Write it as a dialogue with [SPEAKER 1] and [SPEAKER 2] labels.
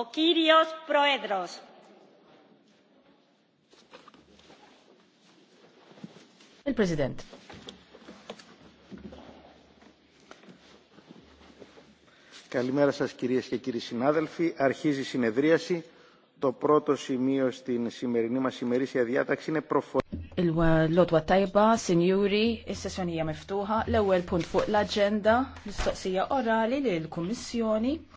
[SPEAKER 1] Okirios Proedros. Πρόεδρος.
[SPEAKER 2] Il-President.
[SPEAKER 3] Καλημέρα σας κυρίες και κύριοι συνάδελφοι. Αρχίζει η συνεδρίαση. Το πρώτο σημείο στην σημερινή μας ημερήσια διάταξη είναι προφορά.
[SPEAKER 4] Il-lodwa tajba, sinjuri, is-sessjonija miftuħa, l-ewwel punt fuq l-aġenda, l-istoqsija orali lill-Kummissjoni